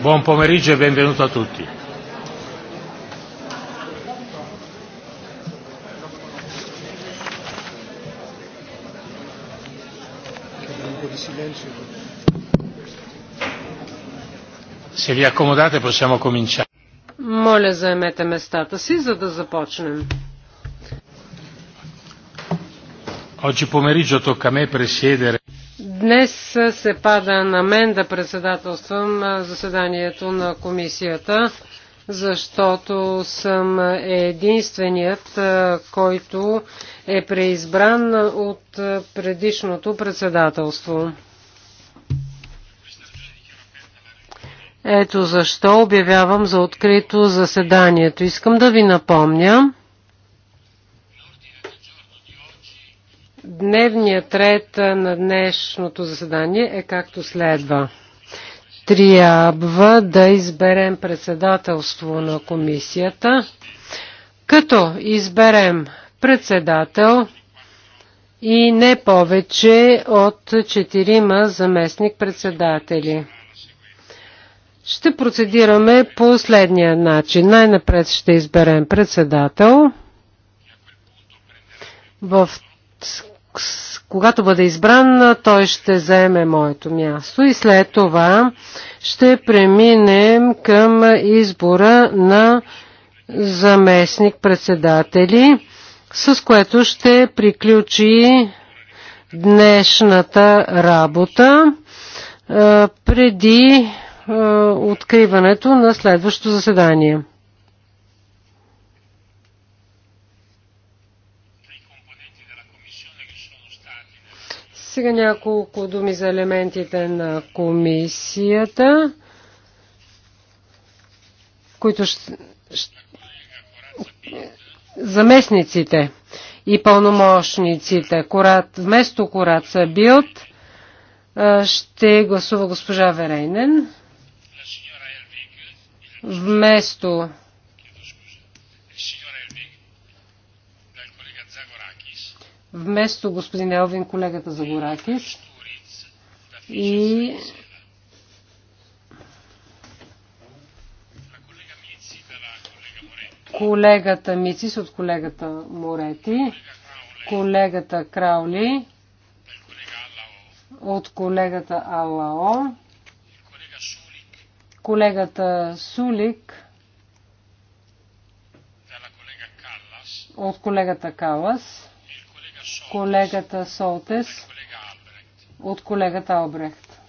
Buon pomeriggio e benvenuto a tutti. Se vi accomodate possiamo cominciare. Моля, заемете местата си, за да започнем. Oggi pomeriggio tocca a me presiedere Днес се пада на мен да председателствам заседанието на комисията, защото съм единственият, който е преизбран от предишното председателство. Ето защо обявявам за открито заседанието. Искам да ви напомня, Дневният ред на днешното заседание е както следва. Трябва да изберем председателство на комисията, като изберем председател и не повече от четирима заместник-председатели. Ще процедираме по следния начин. Най-напред ще изберем председател. В когато бъде избран, той ще заеме моето място и след това ще преминем към избора на заместник-председатели, с което ще приключи днешната работа преди откриването на следващото заседание. Сега няколко думи за елементите на комисията, които ще, заместниците и пълномощниците, Корат, вместо Корат Билт, ще гласува госпожа Верейнен. Вместо вместо господин Елвин, колегата Загоракис. И колегата Мицис от колегата Морети, колегата Краули от колегата Алао, колегата Сулик от колегата Калас колегата Солтес от колегата Обрехт.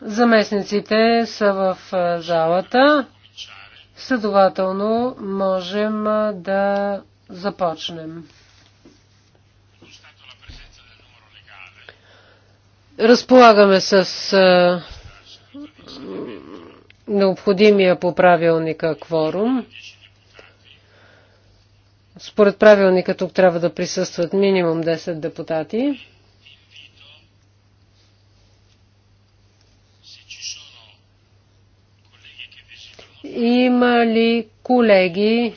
Заместниците са в залата. Следователно можем да започнем. Разполагаме с необходимия по правилника кворум. Според правилника тук трябва да присъстват минимум 10 депутати. Има ли колеги,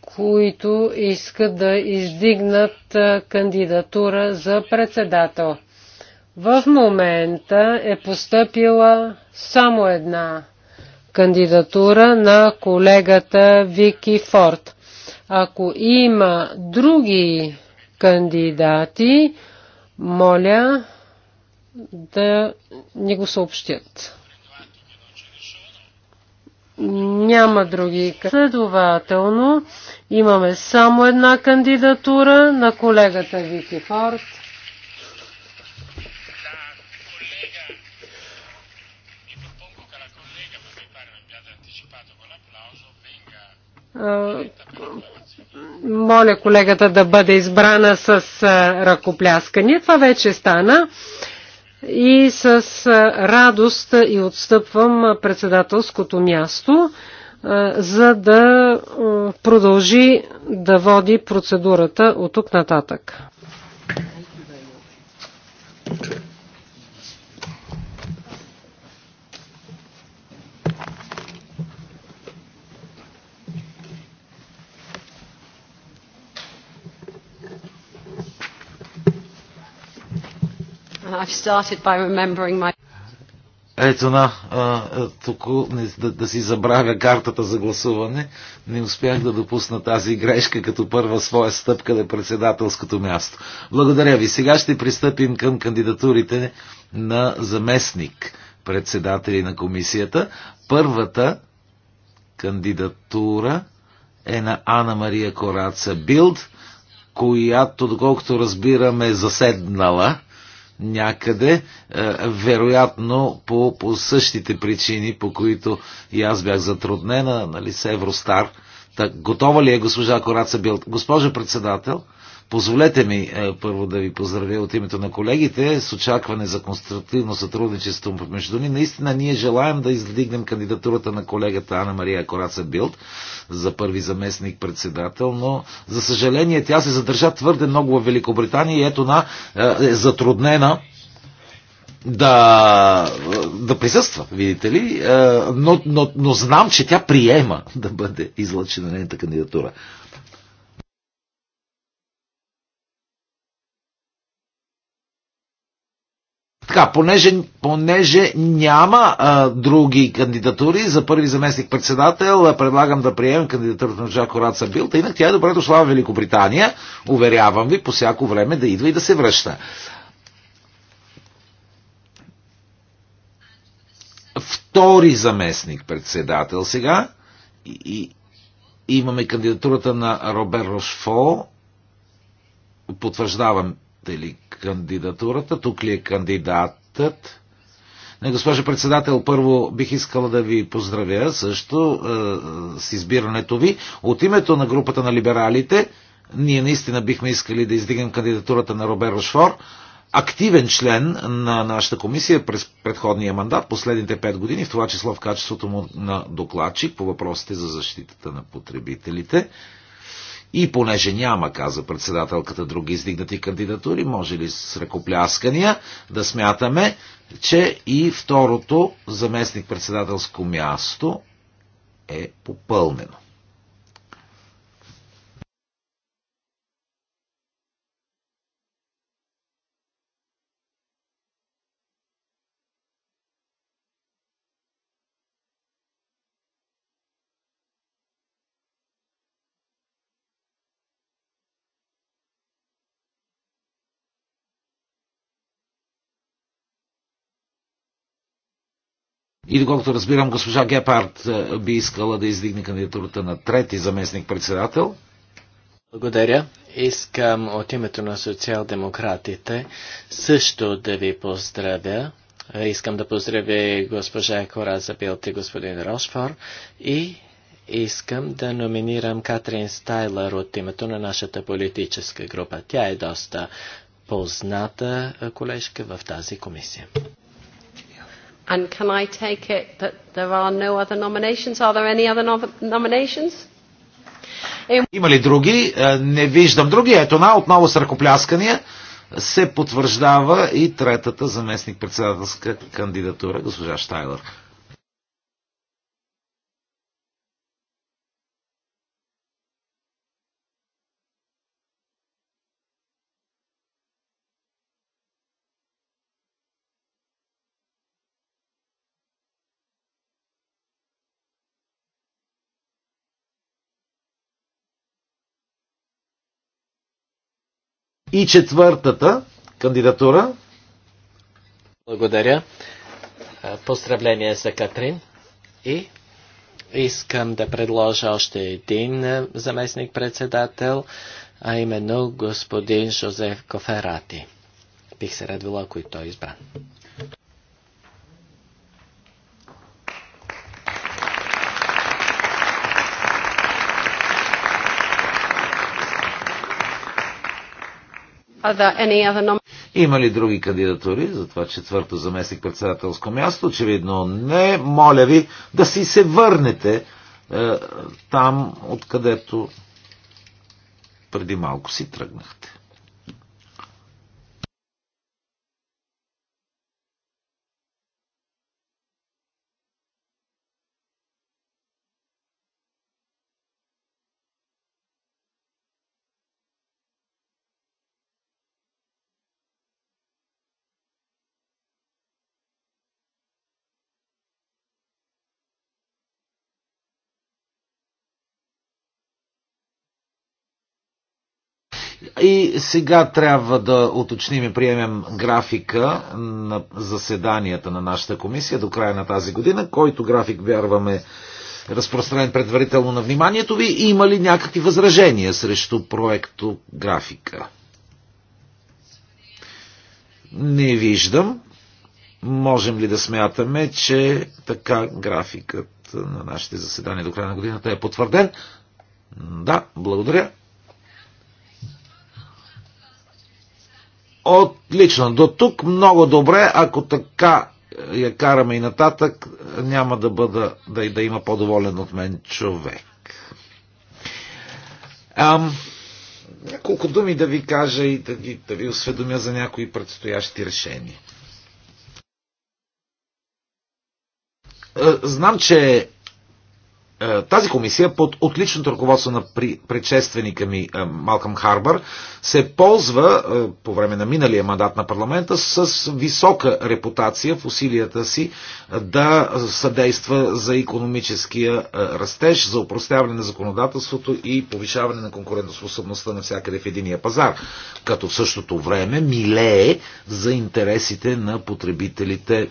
които искат да издигнат кандидатура за председател? В момента е поступила само една кандидатура на колегата Вики Форд. Ако има други кандидати, моля да ни го съобщят. Няма други. Следователно, имаме само една кандидатура на колегата Вики Форд. Е, моля колегата да бъде избрана с е, ръкопляскания. Това вече стана и с е, радост и отстъпвам председателското място, за да продължи да води процедурата от тук нататък. I've started by remembering my... Ето на, тук да, да си забравя картата за гласуване. Не успях да допусна тази грешка като първа своя стъпка на председателското място. Благодаря ви. Сега ще пристъпим към кандидатурите на заместник председатели на комисията. Първата кандидатура е на Ана Мария Кораца Билд, която, доколкото разбираме, е заседнала някъде, е, вероятно по, по същите причини, по които и аз бях затруднена, нали, с Евростар. Так, готова ли е госпожа Кораца Билт? Госпожа председател, Позволете ми е, първо да ви поздравя от името на колегите с очакване за конструктивно сътрудничество между ни. Наистина ние желаем да издигнем кандидатурата на колегата Ана Мария Кораца Билд за първи заместник председател, но за съжаление тя се задържа твърде много в Великобритания и ето на е, е затруднена да, да присъства, видите ли, е, но, но, но знам, че тя приема да бъде излъчена нейната кандидатура. Така, понеже, понеже няма а, други кандидатури за първи заместник председател, предлагам да приемем кандидатурата на Жако Раца Билта. Инак тя е добре дошла в Великобритания. Уверявам ви, по всяко време да идва и да се връща. Втори заместник председател сега. И, и, имаме кандидатурата на Робер Рошфо. Потвърждавам или кандидатурата. Тук ли е кандидатът? Не, госпожа председател, първо бих искала да ви поздравя също е, е, с избирането ви. От името на групата на либералите, ние наистина бихме искали да издигнем кандидатурата на Робер Рошфор, активен член на нашата комисия през предходния мандат, последните 5 години, в това число в качеството му на докладчик по въпросите за защитата на потребителите. И понеже няма, каза председателката, други издигнати кандидатури, може ли с ръкопляскания да смятаме, че и второто заместник-председателско място е попълнено. И доколкото разбирам, госпожа Гепард е, би искала да издигне кандидатурата на трети заместник-председател. Благодаря. Искам от името на социал-демократите също да ви поздравя. Е, искам да поздравя госпожа Кора Билт и господин Рошфор и искам да номинирам Катрин Стайлер от името на нашата политическа група. Тя е доста позната е, колежка в тази комисия. And can I take it that there are no other nominations? Are there any other no- nominations? Има ли други? Е, не виждам други. Ето на, отново с ръкопляскания се потвърждава и третата заместник-председателска кандидатура, госпожа Штайлър. И четвъртата кандидатура. Благодаря. Поздравление за Катрин. И искам да предложа още един заместник-председател, а именно господин Жозеф Коферати. Бих се радвала, ако и той е избран. Има ли други кандидатури за това четвърто заместник председателско място? Очевидно не. Моля ви да си се върнете е, там, откъдето преди малко си тръгнахте. И сега трябва да уточним и приемем графика на заседанията на нашата комисия до края на тази година, който график вярваме е разпространен предварително на вниманието ви. Има ли някакви възражения срещу проекто графика? Не виждам. Можем ли да смятаме, че така графикът на нашите заседания до края на годината е потвърден? Да, благодаря. отлично. До тук много добре, ако така е, я караме и нататък, няма да бъда, да, да има по-доволен от мен човек. Ам, няколко думи да ви кажа и да ви, да ви осведомя за някои предстоящи решения. Е, знам, че е, тази комисия под отличното ръководство на предшественика ми е, Малкам Харбър се ползва е, по време на миналия мандат на парламента с висока репутация в усилията си да съдейства за економическия растеж, за упростяване на законодателството и повишаване на конкурентоспособността на всякъде в единия пазар, като в същото време милее за интересите на потребителите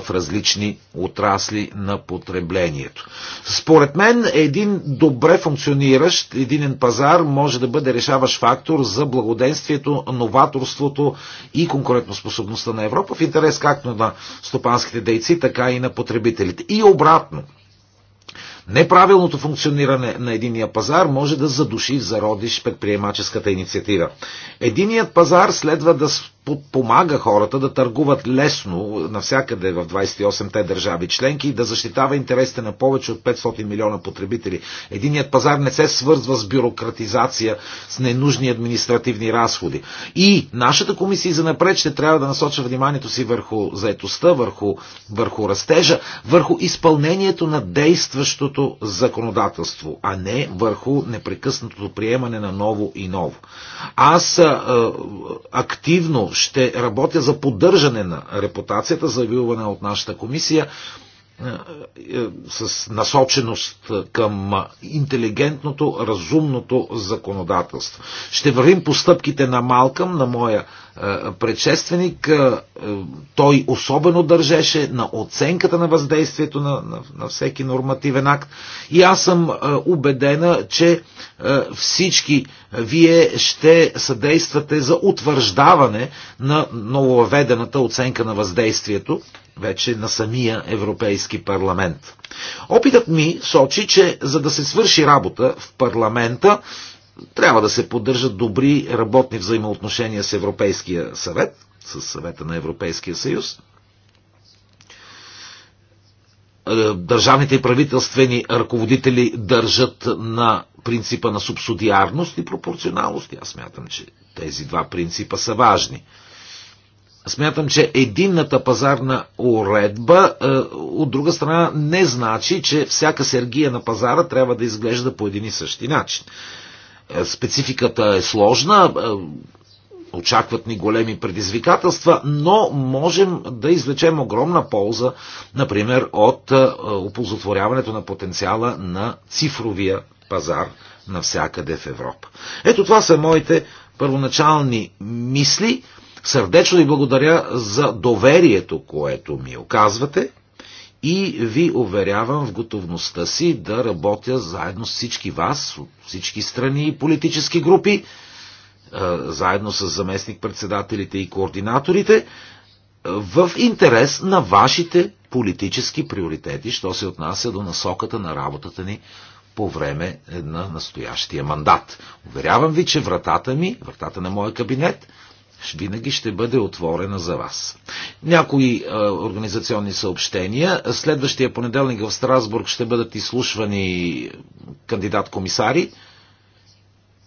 в различни отрасли на потреблението. Според мен един добре функциониращ единен пазар може да бъде решаващ фактор за благоденствието, новаторството и конкурентоспособността на Европа в интерес както на стопанските дейци, така и на потребителите. И обратно, Неправилното функциониране на единия пазар може да задуши в зародиш предприемаческата инициатива. Единият пазар следва да подпомага хората да търгуват лесно навсякъде в 28-те държави членки и да защитава интересите на повече от 500 милиона потребители. Единият пазар не се свързва с бюрократизация, с ненужни административни разходи. И нашата комисия за напред ще трябва да насочва вниманието си върху заетостта, върху, върху растежа, върху изпълнението на действащото законодателство, а не върху непрекъснатото приемане на ново и ново. Аз а, активно ще работя за поддържане на репутацията, завиване от нашата комисия е, е, с насоченост към интелигентното, разумното законодателство. Ще вървим постъпките на Малкъм, на моя е, предшественик, е, е, той особено държеше на оценката на въздействието на, на, на всеки нормативен акт. И аз съм убедена, че всички вие ще съдействате за утвърждаване на нововведената оценка на въздействието вече на самия Европейски парламент. Опитът ми сочи, че за да се свърши работа в парламента, трябва да се поддържат добри работни взаимоотношения с Европейския съвет, с съвета на Европейския съюз. Е, държавните и правителствени ръководители държат на принципа на субсидиарност и пропорционалност. Аз смятам, че тези два принципа са важни. Смятам, че единната пазарна уредба е, от друга страна не значи, че всяка сергия на пазара трябва да изглежда по един и същи начин. Е, спецификата е сложна, е, очакват ни големи предизвикателства, но можем да извлечем огромна полза, например, от е, оползотворяването на потенциала на цифровия пазар навсякъде в Европа. Ето това са моите първоначални мисли. Сърдечно ви благодаря за доверието, което ми оказвате и ви уверявам в готовността си да работя заедно с всички вас, от всички страни и политически групи, заедно с заместник-председателите и координаторите, в интерес на вашите политически приоритети, що се отнася до насоката на работата ни по време на настоящия мандат. Уверявам ви, че вратата ми, вратата на моя кабинет, винаги ще бъде отворена за вас. Някои а, е, организационни съобщения. Следващия понеделник в Страсбург ще бъдат изслушвани кандидат-комисари.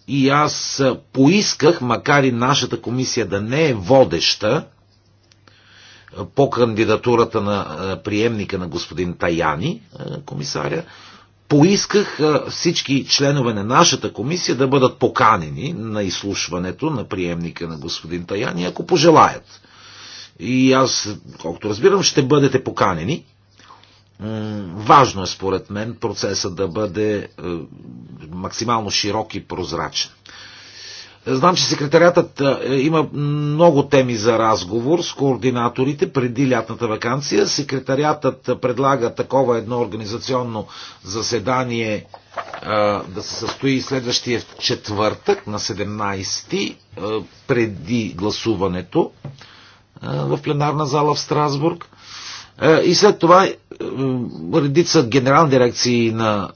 И аз е, поисках, макар и нашата комисия да не е водеща е, по кандидатурата на приемника на господин Таяни, комисаря, поисках всички членове на нашата комисия да бъдат поканени на изслушването на приемника на господин Таяни, ако пожелаят. И аз, колкото разбирам, ще бъдете поканени. Важно е, според мен, процесът да бъде максимално широк и прозрачен. Знам, че секретарятът е, има много теми за разговор с координаторите преди лятната вакансия. Секретарятът предлага такова едно организационно заседание е, да се състои следващия четвъртък на 17 е, преди гласуването в пленарна зала в Страсбург. И след това редица генерални дирекции на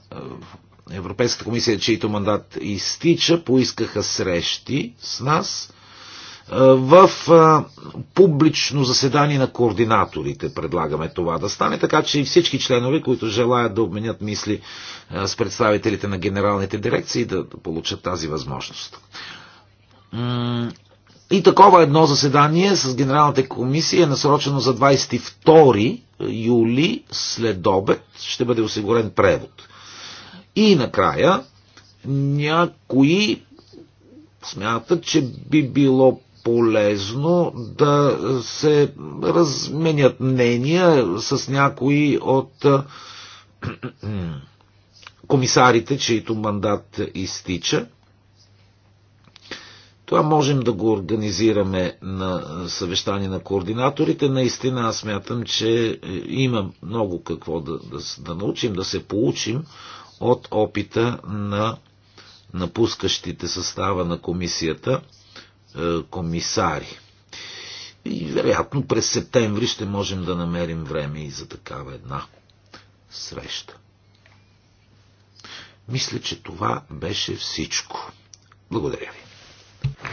Европейската комисия, чийто мандат изтича, поискаха срещи с нас в публично заседание на координаторите предлагаме това да стане, така че и всички членове, които желаят да обменят мисли с представителите на генералните дирекции, да получат тази възможност. И такова едно заседание с Генералната комисия е насрочено за 22 юли след обед. Ще бъде осигурен превод. И накрая, някои смятат, че би било полезно да се разменят мнения с някои от комисарите, чието мандат изтича. Това можем да го организираме на съвещание на координаторите. Наистина аз смятам, че има много какво да, да, да научим, да се получим от опита на напускащите състава на комисията е, комисари. И вероятно през септември ще можем да намерим време и за такава една среща. Мисля, че това беше всичко. Благодаря ви.